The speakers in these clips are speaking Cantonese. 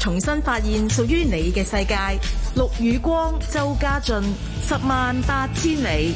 重新發現屬於你嘅世界。陸雨光、周家俊，十萬八千里。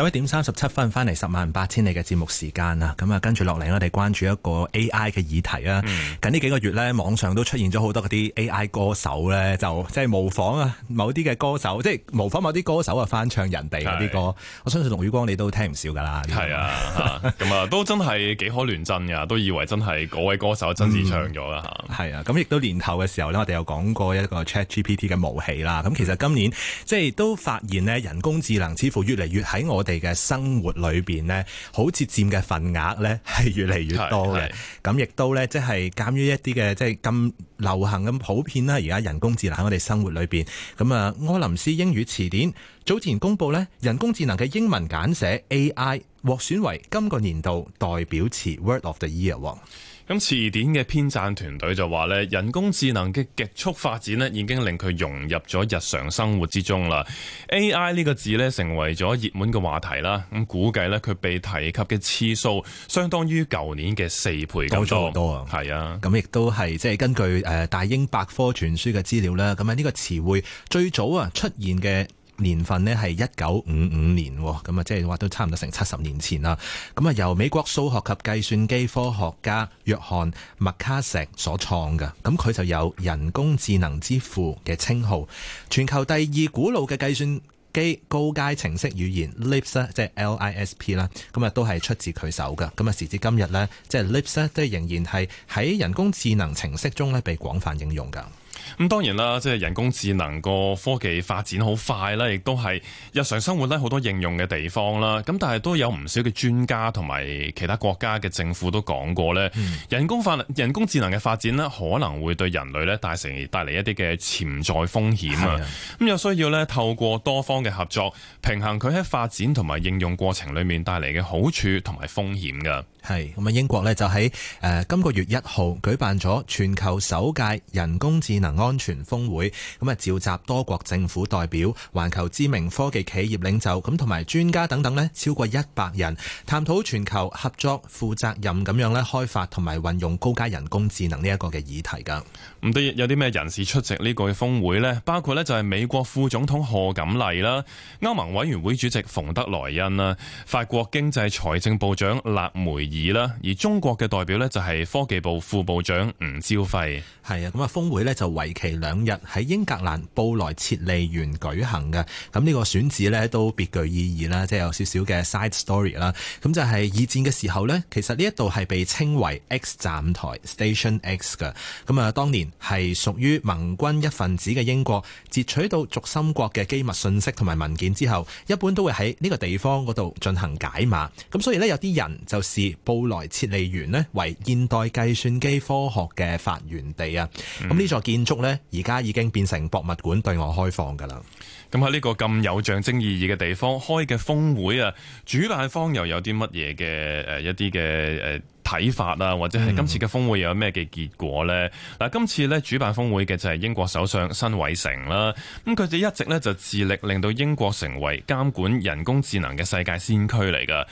十一點三十七分，翻嚟十萬八千里嘅節目時間啊！咁啊，跟住落嚟，我哋關注一個 A I 嘅議題啊。近呢、嗯、幾個月咧，網上都出現咗好多嗰啲 A I 歌手咧，就即係模仿啊某啲嘅歌手，即係模仿某啲歌手啊翻唱人哋嗰啲歌。是我相信龍宇光你都聽唔少噶啦。係啊，咁 啊，都真係幾可亂真噶，都以為真係嗰位歌手真係唱咗啦。係、嗯、啊，咁亦都年頭嘅時候咧，我哋有講過一個 Chat G P T 嘅武器啦。咁其實今年即係都發現咧，人工智能似乎越嚟越喺我。我哋嘅生活裏邊呢，好似佔嘅份額呢係越嚟越多嘅。咁亦都呢，即係鑑於一啲嘅即係咁流行、咁普遍啦。而家人工智能喺我哋生活裏邊，咁啊，柯林斯英語詞典早前公布呢，人工智能嘅英文簡寫 AI 獲選為今個年度代表詞 Word of the Year。咁詞典嘅編撰團隊就話咧，人工智能嘅極速發展呢已經令佢融入咗日常生活之中啦。AI 呢個字呢成為咗熱門嘅話題啦。咁估計呢，佢被提及嘅次數，相當於舊年嘅四倍。多多，多啊？係啊，咁亦都係即係根據誒大英百科全書嘅資料啦。咁呢個詞彙最早啊出現嘅。年份呢係一九五五年，咁啊即係話都差唔多成七十年前啦。咁啊由美國數學及計算機科學家約翰麥卡錫所創嘅，咁佢就有人工智能之父嘅稱號，全球第二古老嘅計算機高階程式語言 LISP，即係 LISP 啦，咁啊都係出自佢手嘅。咁啊時至今日呢，即係 LISP 即係都仍然係喺人工智能程式中呢被廣泛應用嘅。咁當然啦，即係人工智能個科技發展好快啦，亦都係日常生活咧好多應用嘅地方啦。咁但係都有唔少嘅專家同埋其他國家嘅政府都講過呢，人工發人工智能嘅發展咧可能會對人類呢帶成帶嚟一啲嘅潛在風險啊。咁有需要呢透過多方嘅合作，平衡佢喺發展同埋應用過程裡面帶嚟嘅好處同埋風險噶。係咁啊！英國呢就喺誒、呃、今個月一號舉辦咗全球首屆人工智能。安全峰會咁啊，召集多國政府代表、環球知名科技企業領袖咁同埋專家等等咧，超過一百人，探討全球合作、負責任咁樣咧開發同埋運用高階人工智能呢一個嘅議題噶。咁啲、嗯、有啲咩人士出席呢個峰會咧？包括咧就係美國副總統賀錦麗啦、歐盟委員會主席馮德萊恩啦、法國經濟財政部長勒梅爾啦，而中國嘅代表咧就係科技部副部長吳朝暉。係啊，咁啊，峰會咧就圍期兩日喺英格蘭布萊切利園舉行嘅，咁呢個選址呢都別具意義啦，即係有少少嘅 side story 啦。咁就係二戰嘅時候呢，其實呢一度係被稱為 X 站台 （Station X） 嘅。咁啊，當年係屬於盟軍一份子嘅英國，截取到軸心國嘅機密信息同埋文件之後，一般都會喺呢個地方嗰度進行解碼。咁所以呢，有啲人就視布萊切利園呢為現代計算機科學嘅發源地啊。咁呢、嗯、座建築。咧而家已經變成博物館對外開放噶啦。咁喺呢個咁有象徵意義嘅地方開嘅峰會啊，主辦方又有啲乜嘢嘅誒一啲嘅誒睇法啊，或者係今次嘅峰會又有咩嘅結果呢？嗱、嗯，今次呢，主辦峰會嘅就係英國首相辛偉誠啦。咁佢哋一直呢，就致力令到英國成為監管人工智能嘅世界先驅嚟噶。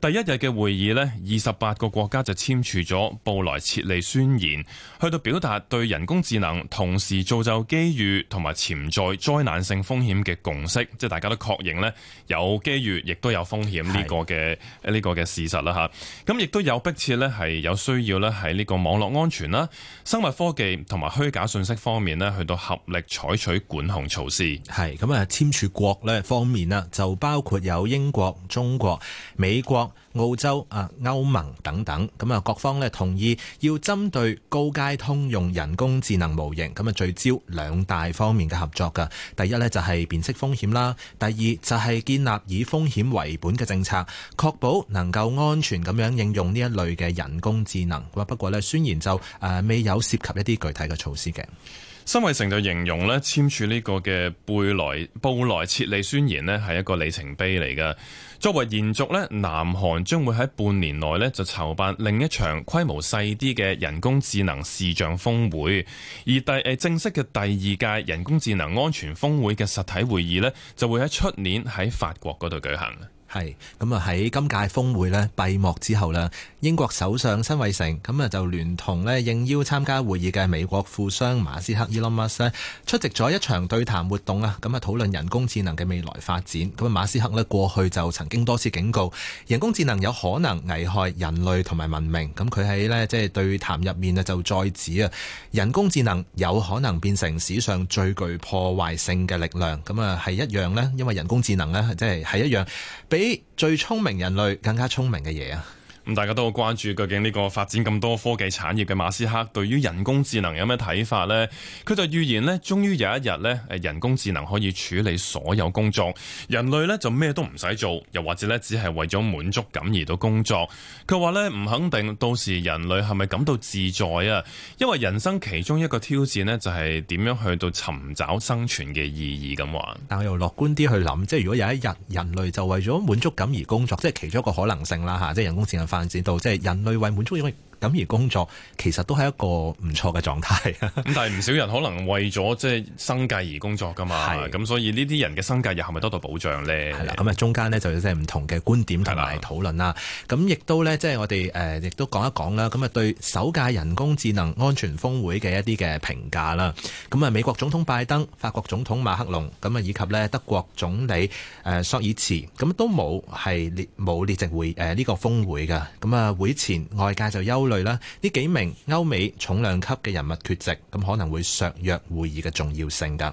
第一日嘅會議呢，二十八個國家就簽署咗《布萊切利宣言》，去到表達對人工智能同時造就機遇同埋潛在災難性風險嘅共識，即係大家都確認呢，有機遇，亦都有風險呢是個嘅呢個嘅事實啦吓。咁亦都有迫切呢，係有需要呢，喺呢個網絡安全啦、生物科技同埋虛假信息方面呢，去到合力採取管控措施。係咁啊，簽署國呢方面啦，就包括有英國、中國、美國。澳洲、啊歐盟等等，咁啊各方咧，同意要針對高階通用人工智能模型，咁啊聚焦兩大方面嘅合作噶。第一咧，就係辨識風險啦，第二就係建立以風險為本嘅政策，確保能夠安全咁樣應用呢一類嘅人工智能。不過不過咧，雖然就誒未有涉及一啲具體嘅措施嘅。辛偉誠就形容咧，簽署呢個嘅《貝來布來切利宣言》咧係一個里程碑嚟嘅。作為延續，南韓將會喺半年內就籌辦另一場規模細啲嘅人工智能視像峰會，而第誒正式嘅第二屆人工智能安全峰會嘅實體會議就會喺出年喺法國嗰度舉行。係咁啊！喺今屆峰會呢，閉幕之後呢，英國首相辛偉誠咁啊，就聯同呢應邀參加會議嘅美國富商馬斯克 Elon Musk 出席咗一場對談活動啊！咁啊討論人工智能嘅未來發展。咁啊馬斯克呢，過去就曾經多次警告人工智能有可能危害人類同埋文明。咁佢喺呢，即係對談入面呢，就再指啊人工智能有可能變成史上最具破壞性嘅力量。咁啊係一樣呢，因為人工智能呢即係係一樣最聰明人類更加聰明嘅嘢啊！咁大家都好關注，究竟呢個發展咁多科技產業嘅馬斯克對於人工智能有咩睇法呢？佢就預言呢，終於有一日呢，誒人工智能可以處理所有工作，人類呢就咩都唔使做，又或者呢只係為咗滿足感而到工作。佢話呢唔肯定到時人類係咪感到自在啊？因為人生其中一個挑戰呢，就係點樣去到尋找生存嘅意義咁話。但我又樂觀啲去諗，即係如果有一日人類就為咗滿足感而工作，即係其中一個可能性啦吓，即係人工智能發發展到即係人類為滿足因為。咁而工作，其實都係一個唔錯嘅狀態，咁 但係唔少人可能為咗即係生計而工作噶嘛，咁是所以呢啲人嘅生計又係咪得到保障咧？係啦，咁啊中間咧就有即係唔同嘅觀點同埋討論啦，咁亦的都咧即係我哋誒亦都講一講啦，咁啊對首屆人工智能安全峰會嘅一啲嘅評價啦，咁啊美國總統拜登、法國總統馬克龍咁啊以及咧德國總理誒索爾茨，咁都冇係列冇列席會誒呢、呃這個峰會嘅，咁啊會前外界就憂。.類啦，呢幾名歐美重量級嘅人物缺席，咁可能會削弱會議嘅重要性㗎。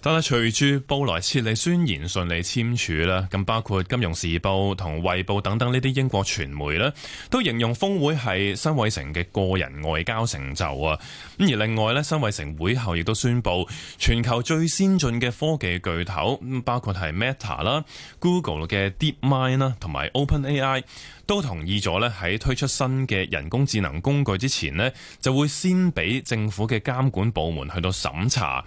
但係隨住布萊切利宣言順利簽署啦，咁包括《金融時報》同《衛報》等等呢啲英國傳媒咧，都形容峰會係辛偉誠嘅個人外交成就啊！咁而另外咧，辛偉誠會後亦都宣布，全球最先進嘅科技巨頭，包括係 Meta 啦、Google 嘅 DeepMind 啦，同埋 OpenAI 都同意咗咧，喺推出新嘅人工智能工具之前咧，就會先俾政府嘅監管部門去到審查。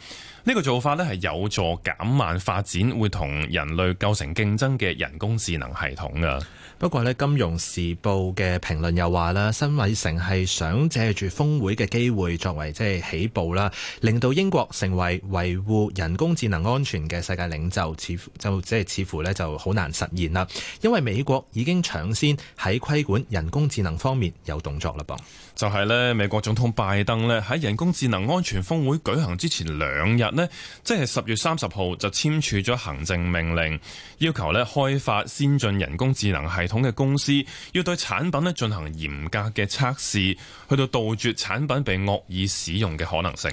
呢個做法咧係有助減慢發展，會同人類構成競爭嘅人工智能系統噶。不過呢《金融時報》嘅評論又話啦，辛偉誠係想借住峰會嘅機會作為即係起步啦，令到英國成為維護人工智能安全嘅世界領袖，似乎就即係似乎咧就好難實現啦，因為美國已經搶先喺規管人工智能方面有動作啦噃。就係咧，美國總統拜登咧喺人工智能安全峰會舉行之前兩日咧，即係十月三十號就簽署咗行政命令，要求咧開發先進人工智能系統嘅公司要對產品咧進行嚴格嘅測試，去到杜絕產品被惡意使用嘅可能性。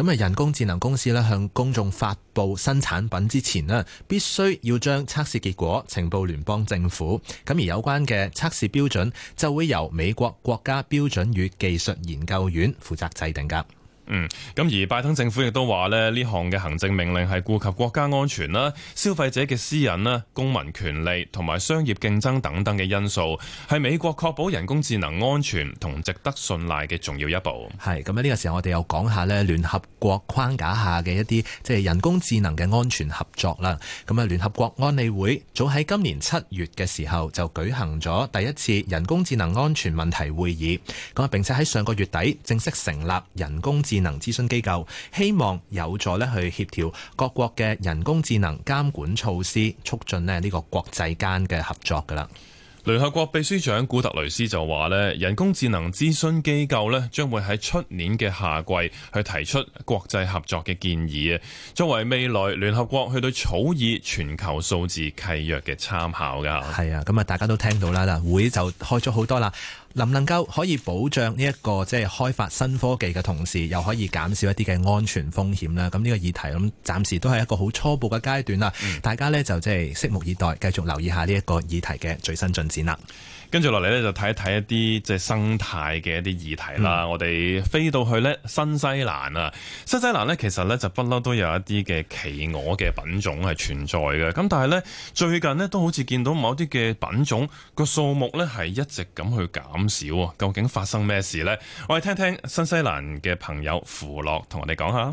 咁啊，人工智能公司咧向公眾發佈新產品之前咧，必須要將測試結果呈報聯邦政府。咁而有關嘅測試標準就會由美國國家標準與技術研究院負責制定噶。嗯，咁而拜登政府亦都話咧，呢項嘅行政命令係顧及國家安全啦、消費者嘅私隱啦、公民權利同埋商業競爭等等嘅因素，係美國確保人工智能安全同值得信賴嘅重要一步。係咁啊！呢、呢個時候我哋又講下咧聯合國框架下嘅一啲即係人工智能嘅安全合作啦。咁啊，聯合國安理會早喺今年七月嘅時候就舉行咗第一次人工智能安全問題會議，咁啊，並且喺上個月底正式成立人工智能能諮詢機構，希望有助咧去協調各國嘅人工智能監管措施，促進咧呢個國際間嘅合作㗎喇。聯合國秘書長古特雷斯就話咧：人工智能諮詢機構咧將會喺出年嘅夏季去提出國際合作嘅建議啊，作為未來聯合國去對草擬全球數字契約嘅參考㗎。係啊，咁啊，大家都聽到啦嗱，會就開咗好多啦。能唔能夠可以保障呢一個即係開發新科技嘅同時，又可以減少一啲嘅安全風險咧？咁呢個議題咁暫時都係一個好初步嘅階段啦。嗯、大家呢，就即係拭目以待，繼續留意下呢一個議題嘅最新進展啦。跟住落嚟咧，就睇一睇一啲即係生態嘅一啲議題啦。我哋飛到去咧新西蘭啊，新西蘭咧其實咧就不嬲都有一啲嘅企鵝嘅品種係存在嘅。咁但係咧最近咧都好似見到某啲嘅品種個數目咧係一直咁去減少啊。究竟發生咩事咧？我哋聽聽新西蘭嘅朋友符樂同我哋講下。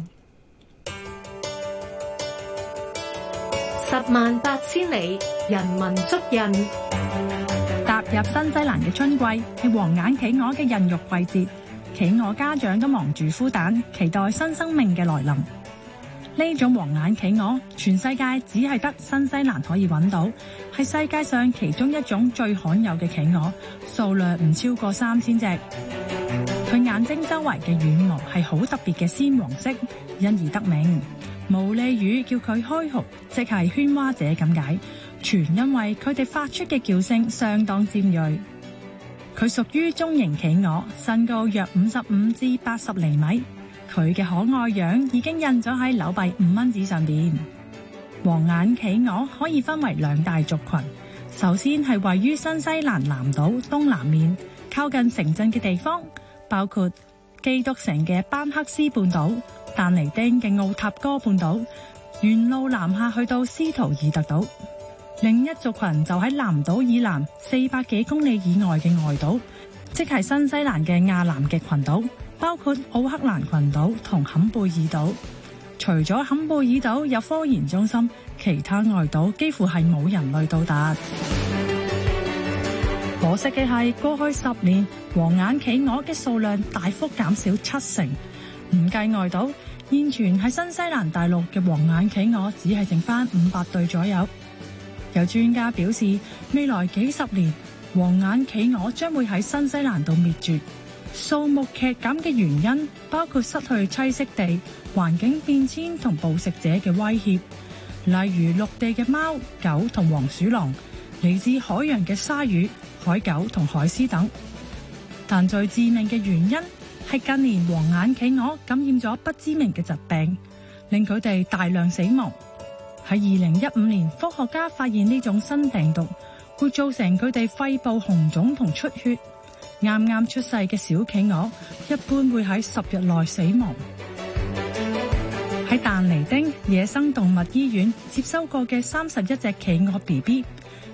十萬八千里，人文足印。踏入新西蘭嘅春季，係黃眼企鵝嘅孕育季節，企鵝家長都忙住孵蛋，期待新生命嘅來臨。呢種黃眼企鵝，全世界只係得新西蘭可以揾到，係世界上其中一種最罕有嘅企鵝，數量唔超過三千隻。佢眼睛周圍嘅軟毛係好特別嘅鮮黃色，因而得名。毛利語叫佢開喉，即係喧嘩者咁解，全因為佢哋發出嘅叫聲相當尖銳。佢屬於中型企鵝，身高約五十五至八十厘米。佢嘅可愛樣已經印咗喺紐幣五蚊紙上邊。黃眼企鵝可以分為兩大族群，首先係位於新西蘭南島東南面靠近城鎮嘅地方，包括基督城嘅班克斯半島。但尼丁嘅奧塔哥半島，沿路南下去到斯圖爾特島。另一族群就喺南島以南四百幾公里以外嘅外島，即係新西蘭嘅亞南極群島，包括奧克蘭群島同坎貝爾島。除咗坎貝爾島有科研中心，其他外島幾乎係冇人類到達。可惜嘅係，過去十年黃眼企鵝嘅數量大幅減少七成。唔計外島，現存喺新西蘭大陸嘅黃眼企鵝只係剩翻五百對左右。有專家表示，未來幾十年黃眼企鵝將會喺新西蘭度滅絕。數目劇減嘅原因包括失去棲息地、環境變遷同捕食者嘅威脅，例如陸地嘅貓、狗同黃鼠狼，嚟自海洋嘅鯊魚、海狗同海獅等。但最致命嘅原因，係近年黃眼企鵝感染咗不知名嘅疾病，令佢哋大量死亡。喺二零一五年，科學家發現呢種新病毒會造成佢哋肺部紅腫同出血。啱啱出世嘅小企鵝一般會喺十日內死亡。喺但尼丁野生動物醫院接收過嘅三十一隻企鵝 BB，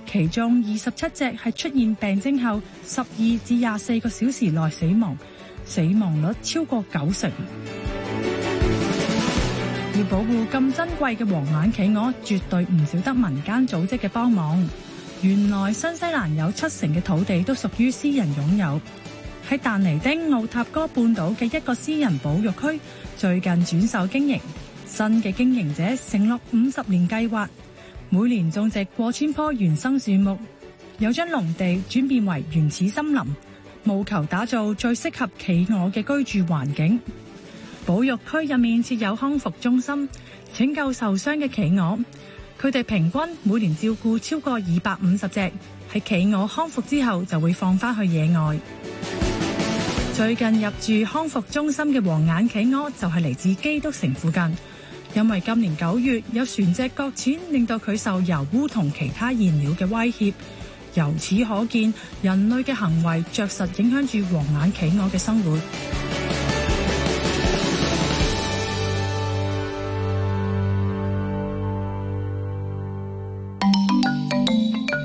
其中二十七隻係出現病徵後十二至廿四個小時內死亡。死亡率超過九成，要保護咁珍貴嘅黃眼企鵝，絕對唔少得民間組織嘅幫忙。原來新西蘭有七成嘅土地都屬於私人擁有，喺但尼丁奧塔哥半島嘅一個私人保育區，最近轉手經營，新嘅經營者承諾五十年計劃，每年種植過千棵原生樹木，有將農地轉變為原始森林。務求打造最適合企鵝嘅居住環境。保育區入面設有康復中心，拯救受傷嘅企鵝。佢哋平均每年照顧超過二百五十隻。喺企鵝康復之後，就會放返去野外。最近入住康復中心嘅黃眼企鵝，就係嚟自基督城附近。因為今年九月有船隻擱淺，令到佢受油污同其他燃料嘅威脅。由此可見，人類嘅行為著實影響住黃眼企鵝嘅生活。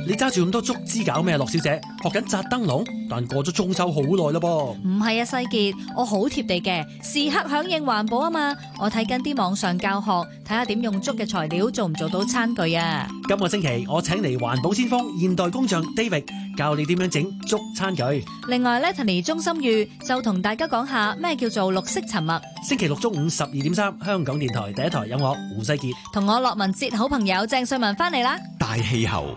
你揸住咁多竹枝搞咩？洛小姐學緊紮燈籠，但過咗中秋好耐喇噃。唔係啊，世杰，我好貼地嘅，時刻響應環保啊嘛。我睇緊啲網上教學，睇下點用竹嘅材料做唔做到餐具啊。今個星期我請嚟環保先鋒、現代工匠 David，教你點樣整竹餐具。另外咧，Lenny 鍾心裕就同大家講下咩叫做綠色沉默。星期六中午十二點三，香港電台第一台有我胡世杰同我樂文節好朋友鄭瑞文翻嚟啦。大氣候。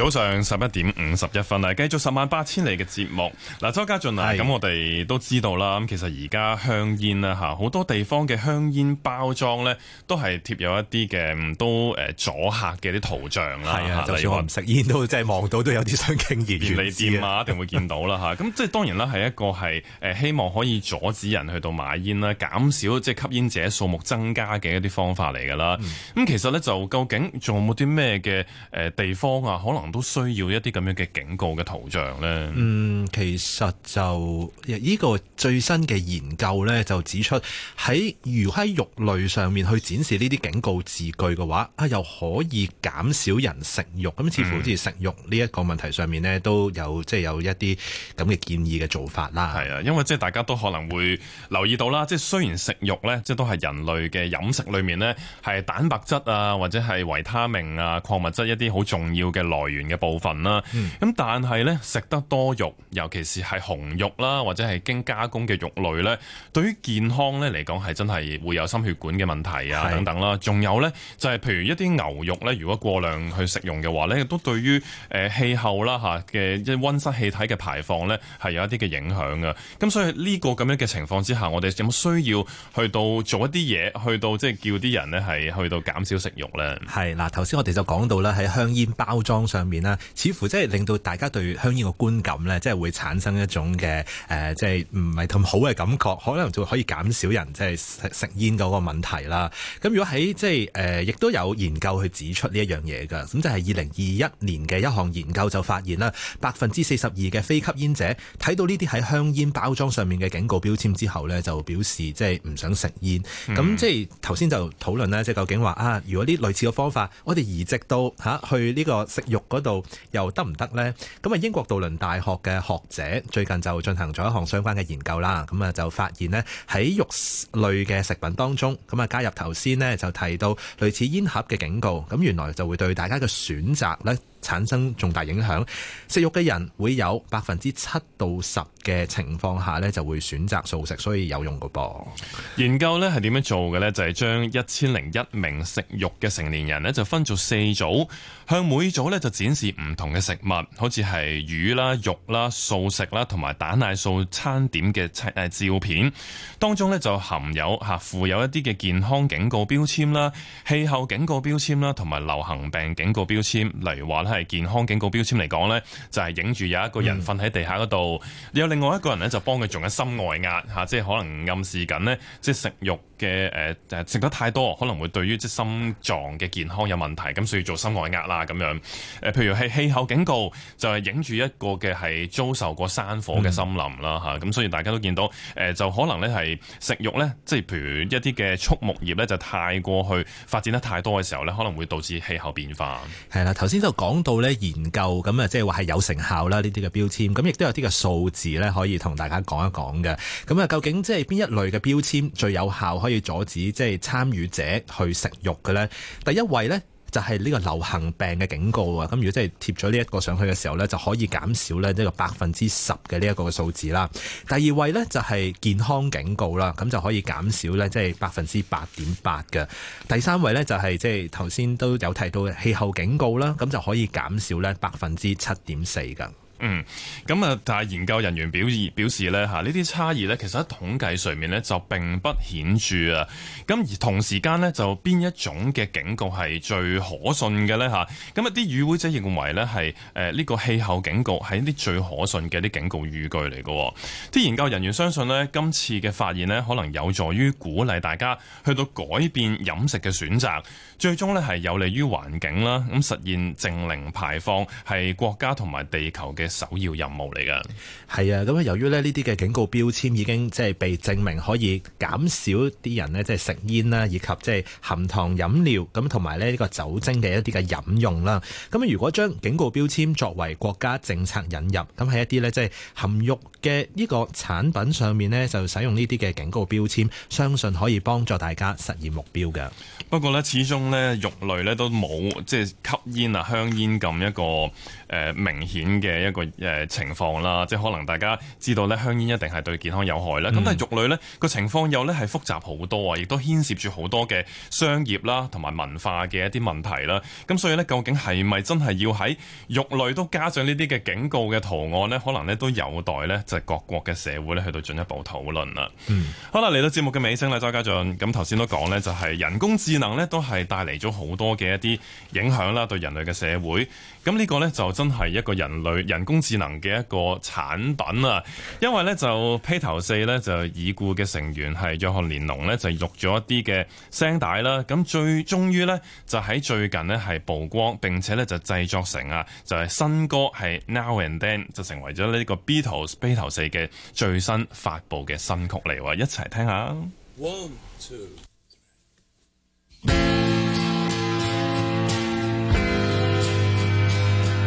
早上十一點五十一分啊，繼續十萬八千里嘅節目嗱，周家俊啊，咁是的 我哋都知道啦。咁其實而家香煙啦吓，好多地方嘅香煙包裝咧，都係貼有一啲嘅都誒阻嚇嘅啲圖像啦。係啊，就算我唔食煙都即係望到都有啲想傾疑。便利店啊，一定會見到啦吓，咁 即係當然啦，係一個係誒希望可以阻止人去到買煙啦，減少即係吸煙者數目增加嘅一啲方法嚟㗎啦。咁、嗯、其實咧就究竟仲有冇啲咩嘅誒地方啊？可能都需要一啲咁樣嘅警告嘅圖像咧。嗯，其實就呢個最新嘅研究咧，就指出喺如喺肉類上面去展示呢啲警告字句嘅話，啊又可以減少人食肉。咁似乎好似食肉呢一個問題上面咧，都有即係、就是、有一啲咁嘅建議嘅做法啦。係啊，因為即係大家都可能會留意到啦。即係雖然食肉咧，即係都係人類嘅飲食裏面咧，係蛋白質啊，或者係維他命啊、礦物質一啲好重要嘅來源。嘅部分啦，咁但係呢，食得多肉，尤其是係紅肉啦，或者係經加工嘅肉類呢，對於健康呢嚟講係真係會有心血管嘅問題啊等等啦。仲有呢，就係譬如一啲牛肉呢，如果過量去食用嘅話咧，都對於誒氣候啦吓嘅一溫室氣體嘅排放呢，係有一啲嘅影響嘅。咁所以呢個咁樣嘅情況之下，我哋有冇需要去到做一啲嘢，去到即係叫啲人呢係去到減少食肉呢？係嗱，頭先我哋就講到啦，喺香煙包裝上。面似乎即係令到大家對香煙嘅觀感呢，即係會產生一種嘅誒，即係唔係咁好嘅感覺，可能就可以減少人即係食煙嗰個問題啦。咁如果喺即係誒亦都有研究去指出呢一樣嘢噶，咁就係二零二一年嘅一項研究就發現啦，百分之四十二嘅非吸煙者睇到呢啲喺香煙包裝上面嘅警告標籤之後呢，就表示即係唔想食煙，咁即係頭先就討論啦，即係究竟話啊，如果呢類似嘅方法，我哋移植到吓去呢個食肉度又得唔得呢？咁啊，英國杜倫大學嘅學者最近就進行咗一項相關嘅研究啦。咁啊，就發現呢喺肉類嘅食品當中，咁啊加入頭先呢就提到類似煙盒嘅警告，咁原來就會對大家嘅選擇呢，產生重大影響，食肉嘅人會有百分之七到十嘅情況下咧，就會選擇素食，所以有用嘅噃。研究咧係點樣做嘅咧？就係將一千零一名食肉嘅成年人咧，就分做四組，向每組咧就展示唔同嘅食物，好似係魚啦、肉啦、素食啦，同埋蛋奶素餐點嘅誒照片。當中咧就含有吓，附有一啲嘅健康警告標籤啦、氣候警告標籤啦，同埋流行病警告標籤，例如話。係健康警告標籤嚟講呢就係影住有一個人瞓喺地下嗰度，嗯、有另外一個人呢，就幫佢做緊心外壓嚇，即、就、係、是、可能暗示緊呢，即係食肉嘅誒誒食得太多，可能會對於即係心臟嘅健康有問題，咁所以做心外壓啦咁樣。誒、呃，譬如係氣候警告，就係影住一個嘅係遭受過山火嘅森林啦嚇，咁、嗯啊、所以大家都見到誒、呃，就可能呢係食肉呢，即係譬如一啲嘅畜牧業呢，就太過去發展得太多嘅時候呢，可能會導致氣候變化。係啦，頭先就講。到咧研究咁啊，即係話係有成效啦，呢啲嘅標籤咁，亦都有啲嘅數字咧，可以同大家講一講嘅。咁啊，究竟即係邊一類嘅標籤最有效可以阻止即係參與者去食肉嘅咧？第一位咧。就係呢個流行病嘅警告啊！咁如果即係貼咗呢一個上去嘅時候呢，就可以減少咧呢個百分之十嘅呢一個數字啦。第二位呢，就係健康警告啦，咁就可以減少咧即係百分之八點八㗎。第三位呢，就係即係頭先都有提到嘅氣候警告啦，咁就可以減少咧百分之七點四㗎。嗯，咁啊，但係研究人員表表示咧，吓呢啲差異咧，其實喺統計上面咧就並不顯著啊。咁而同時間咧，就邊一種嘅警告係最可信嘅咧？吓，咁啊，啲與會者認為咧係誒呢個氣候警告係一啲最可信嘅啲警告語句嚟嘅。啲研究人員相信咧，今次嘅發現咧，可能有助於鼓勵大家去到改變飲食嘅選擇，最終咧係有利於環境啦，咁實現淨零排放係國家同埋地球嘅。首要任務嚟㗎，係啊！咁啊，由於呢呢啲嘅警告標籤已經即係被證明可以減少啲人呢，即係食煙啦，以及即係含糖飲料咁，同埋呢呢個酒精嘅一啲嘅飲用啦。咁如果將警告標籤作為國家政策引入，咁喺一啲呢，即係含肉嘅呢個產品上面呢，就使用呢啲嘅警告標籤，相信可以幫助大家實現目標嘅。不過呢，始終呢肉類呢都冇即係吸煙啊香煙咁一個誒明顯嘅一個。誒，情況啦，即係可能大家知道咧，香煙一定係對健康有害啦。咁、嗯、但係肉類呢，個情況又呢係複雜好多啊，亦都牽涉住好多嘅商業啦，同埋文化嘅一啲問題啦。咁所以呢，究竟係咪真係要喺肉類都加上呢啲嘅警告嘅圖案呢？可能呢都有待呢，就係各國嘅社會呢去到進一步討論啦。嗯，好啦，嚟到節目嘅尾聲啦，周家俊，咁頭先都講呢，就係人工智能呢都係帶嚟咗好多嘅一啲影響啦，對人類嘅社會。咁呢個呢，就真係一個人類人工。人工智能嘅一個產品啊，因為咧就披頭四咧就已故嘅成員係約翰連龍咧就錄咗一啲嘅聲帶啦，咁最終於咧就喺最近呢係曝光，並且咧就製作成啊就係、是、新歌係 Now and Then，就成為咗呢個 Beatles 披頭四嘅最新發布嘅新曲嚟喎，一齊聽下。